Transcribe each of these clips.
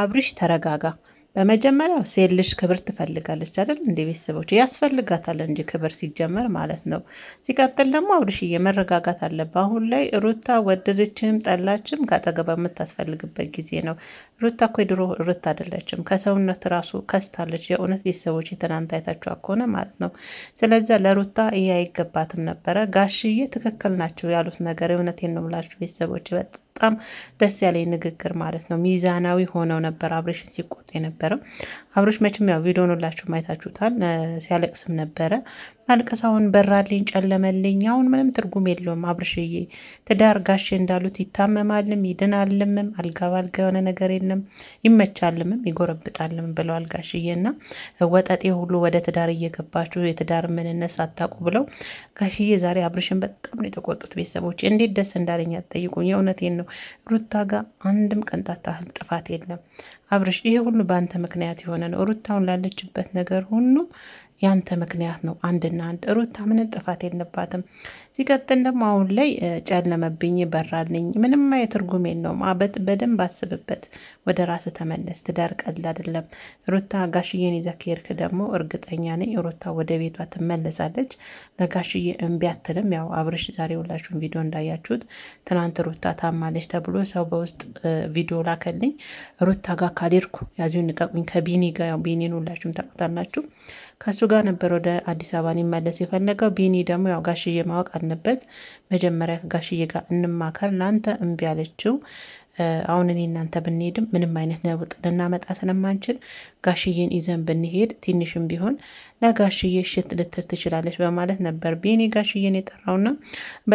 አብርሽ ተረጋጋ። በመጀመሪያ ሴት ልጅ ክብር ትፈልጋለች አይደል? እንደ ቤተሰቦች ያስፈልጋታል እንጂ ክብር ሲጀመር ማለት ነው። ሲቀጥል ደግሞ አብርሽዬ መረጋጋት አለብህ። አሁን ላይ ሩታ ወደደችም ጠላችም ከአጠገባ የምታስፈልግበት ጊዜ ነው። ሩታ እኮ የድሮ ሩታ አይደለችም፣ ከሰውነት ራሱ ከስታለች። የእውነት ቤተሰቦች የትናንት አይታችኋት ከሆነ ማለት ነው። ስለዚያ ለሩታ ይሄ አይገባትም ነበረ። ጋሽዬ ትክክል ናቸው ያሉት ነገር የእውነቴን ነው የምላችሁ ቤተሰቦች በጣም በጣም ደስ ያለኝ ንግግር ማለት ነው። ሚዛናዊ ሆነው ነበር አብሬሽን ሲቆጡ የነበረው። አብሬሽ መቼም ያው ቪዲዮ ኖላችሁ አይታችሁታል፣ ሲያለቅስም ነበረ። ማልቀስ አሁን በራልኝ፣ ጨለመልኝ፣ አሁን ምንም ትርጉም የለውም አብሬሽዬ። ትዳር ጋሼ እንዳሉት ይታመማልም ይድናልምም፣ አልጋ ባልጋ የሆነ ነገር የለም፣ ይመቻልምም ይጎረብጣልም ብለዋል ጋሽዬ። እና ወጠጤ ሁሉ ወደ ትዳር እየገባችሁ የትዳር ምንነት ሳታውቁ ብለው ጋሽዬ ዛሬ አብሬሽን በጣም ነው የተቆጡት። ቤተሰቦች እንዴት ደስ እንዳለኝ አትጠይቁኝ። የእውነቴን ነው ነው። ሩታ ጋር አንድም ቅንጣት ጥፋት የለም። አብርሽ፣ ይሄ ሁሉ በአንተ ምክንያት የሆነ ነው። ሩታውን ላለችበት ነገር ሁሉ ያንተ ምክንያት ነው አንድና አንድ። ሩታ ምንም ጥፋት የለባትም። ሲቀጥል ደግሞ አሁን ላይ ጨለመብኝ፣ በራልኝ ምንም የትርጉም የለውም። አበት በደንብ አስብበት፣ ወደ ራስ ተመለስ። ትዳር ቀልድ አይደለም። ሩታ ጋሽዬን ይዘህ ከሄድክ ደግሞ እርግጠኛ ነኝ ሩታ ወደ ቤቷ ትመለሳለች። ለጋሽዬ እምቢ አትልም። ያው አብርሽ ዛሬ ሁላችሁን ቪዲዮ እንዳያችሁት ትናንት ሩታ ታማለች ተብሎ ሰው በውስጥ ቪዲዮ ላከልኝ። ሩታ ጋር ካልሄድኩ ያዚሁን ንቀቁኝ ከቢኒ ጋር ቢኒን ሁላችሁም ታውቁታላችሁ ከሱ ጋር ነበር ወደ አዲስ አበባ ሊመለስ የፈለገው። ቢኒ ደግሞ ያው ጋሽዬ ማወቅ አለበት። መጀመሪያ ከጋሽዬ ጋር እንማከር፣ ለአንተ እምቢ አለችው። አሁን እኔ እናንተ ብንሄድም ምንም አይነት ለውጥ ልናመጣ ስለማንችል ጋሽዬን ይዘን ብንሄድ ትንሽም ቢሆን ለጋሽዬ ሽት ልትል ትችላለች በማለት ነበር ቢኒ ጋሽዬን የጠራውና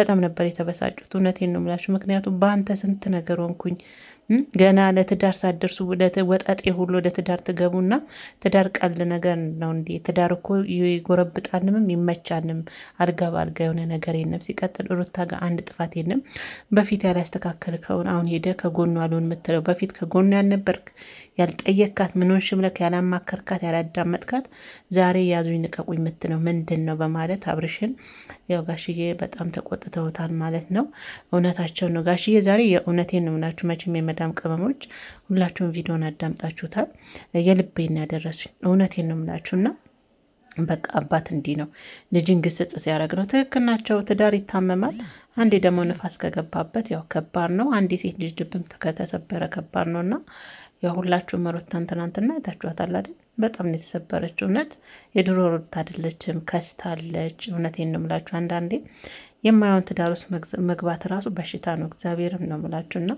በጣም ነበር የተበሳጩት። እውነቴን ነው የምላችሁ፣ ምክንያቱም በአንተ ስንት ነገር ሆንኩኝ ገና ለትዳር ሳደርሱ ወጣጤ ሁሉ ለትዳር ትገቡና ትዳር ቀል ነገር ነው እንዴ? ትዳር እኮ ይጎረብጣልምም ይመቻልም፣ አልጋ በአልጋ የሆነ ነገር የለም። ሲቀጥል ሩታ ጋር አንድ ጥፋት የለም። በፊት ያላስተካከልከውን አሁን ሄደ ከጎኑ አልሆን የምትለው በፊት ከጎኑ ያልነበርክ ያልጠየካት ምንሆን ሽምለክ ያላማከርካት ያላዳመጥካት ዛሬ ያዙኝ ንቀቁኝ የምትለው ምንድን ነው? በማለት አብርሽን ያው ጋሽዬ በጣም ተቆጥተውታል ማለት ነው። እውነታቸው ነው ጋሽዬ ዛሬ የእውነቴን ነው ናችሁ መቼም ማዳም ቅመሞች ሁላችሁም ቪዲዮን አዳምጣችሁታል። የልቤን ያደረሱኝ እውነቴን ነው የምላችሁና በቃ አባት እንዲህ ነው ልጅን ግስጽ ሲያደርግ ነው። ትክክል ናቸው። ትዳር ይታመማል። አንዴ ደግሞ ንፋስ ከገባበት ያው ከባድ ነው። አንዴ ሴት ልጅ ድብም ከተሰበረ ከባድ ነው እና ያው ሁላችሁም ሩታን ትናንትና አይታችኋታል አይደል? በጣም ነው የተሰበረች። እውነት የድሮ ሮታ አይደለችም፣ ከስታለች። እውነቴን ነው የምላችሁ አንዳንዴ የማየውን ትዳር ውስጥ መግባት ራሱ በሽታ ነው። እግዚአብሔርም ነው የምላችሁ እና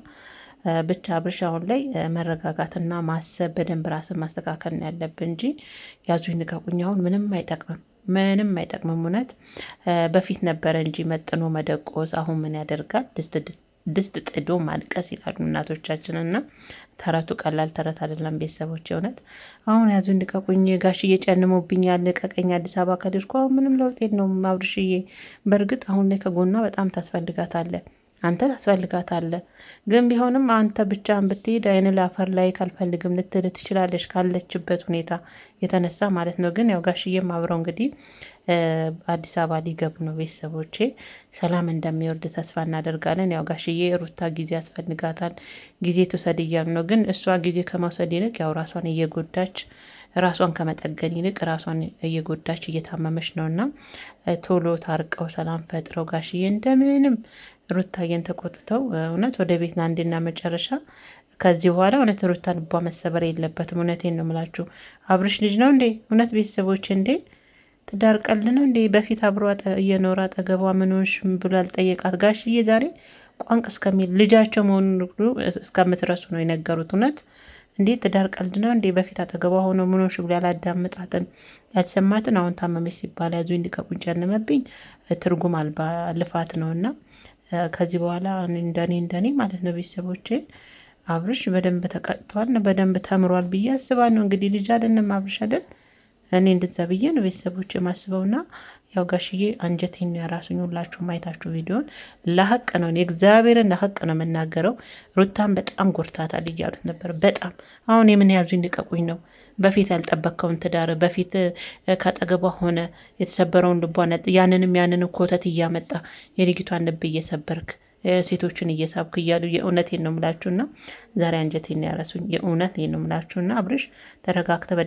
ብቻ አብርሽ አሁን ላይ መረጋጋትና ማሰብ በደንብ ራስን ማስተካከል ነው ያለብን እንጂ ያዙኝ ንቀቁኝ አሁን ምንም አይጠቅምም ምንም አይጠቅምም። እውነት በፊት ነበረ እንጂ መጥኖ መደቆስ አሁን ምን ያደርጋል? ድስት ጥዶ ማልቀስ ይላሉ እናቶቻችን እና ተረቱ ቀላል ተረት አይደለም። ቤተሰቦች እውነት አሁን ያዙ ልቀቁኝ፣ ጋሽዬ ጨንሞብኛል፣ ልቀቀኝ፣ አዲስ አበባ ከድርኩ አሁን ምንም ለውጤት ነው አብርሽዬ። በእርግጥ አሁን ላይ ከጎኗ በጣም ታስፈልጋታለህ አንተ ታስፈልጋታለህ። ግን ቢሆንም አንተ ብቻህን ብትሄድ አይን ላፈር ላይ ካልፈልግም ልትል ትችላለች ካለችበት ሁኔታ የተነሳ ማለት ነው። ግን ያው ጋሽዬም አብረው እንግዲህ አዲስ አበባ ሊገቡ ነው። ቤተሰቦቼ ሰላም እንደሚወርድ ተስፋ እናደርጋለን። ያው ጋሽዬ ሩታ ጊዜ ያስፈልጋታል ጊዜ ትውሰድ እያሉ ነው። ግን እሷ ጊዜ ከመውሰድ ይልቅ ያው ራሷን እየጎዳች ራሷን ከመጠገን ይልቅ ራሷን እየጎዳች እየታመመች ነው እና ቶሎ ታርቀው ሰላም ፈጥረው ጋሽዬ እንደምንም ሩታዬን ተቆጥተው እውነት ወደ ቤት ናንድና መጨረሻ ከዚህ በኋላ እውነት ሩታ ልቧ መሰበር የለበትም። እውነቴን ነው ምላችሁ። አብርሽ ልጅ ነው እንዴ? እውነት ቤተሰቦች እንዴ ትዳር ቀልድ ነው እንዴ? በፊት አብሮ እየኖረ አጠገቧ ምን ሆንሽ ብሎ አልጠየቃት ጋሽዬ ዛሬ ቋንቅ እስከሚል ልጃቸው መሆኑን እስከምትረሱ ነው የነገሩት እውነት እንዴት ትዳር ቀልድ ነው እንዴ? በፊት አጠገቧ ሆኖ ምኖ ሆንሽ ያላዳምጣትን ያልሰማትን አሁን ታመመች ሲባል ያዙ እንዲ ከቁንጫ ትርጉም አልባ ልፋት ነው። እና ከዚህ በኋላ እንደኔ እንደኔ ማለት ነው ቤተሰቦቼ አብርሽ በደንብ ተቀጥቷል፣ በደንብ ተምሯል ብዬ አስባለሁ። እንግዲህ ልጅ አይደለም አብርሽ አይደል እኔ እንደዛ ብዬ ነው ቤተሰቦች የማስበው። ና ያው ጋሽዬ አንጀቴን ያራሱኝ ሁላችሁ ማየታችሁ ቪዲዮን ለሀቅ ነው እግዚአብሔርን ለሀቅ ነው የምናገረው። ሩታን በጣም ጎርታታል እያሉት ነበር። በጣም አሁን የምን ያዙ ልቀቁኝ ነው። በፊት ያልጠበቅከውን ትዳር በፊት ከጠገቧ ሆነ የተሰበረውን ልቧ ያንንም ያንን ኮተት እያመጣ የልጅቷን ልብ እየሰበርክ ሴቶችን እየሳብክ እያሉ የእውነት ነው ምላችሁና ዛሬ አንጀቴን ያረሱኝ። የእውነት ነው ምላችሁና አብርሽ ተረጋግተ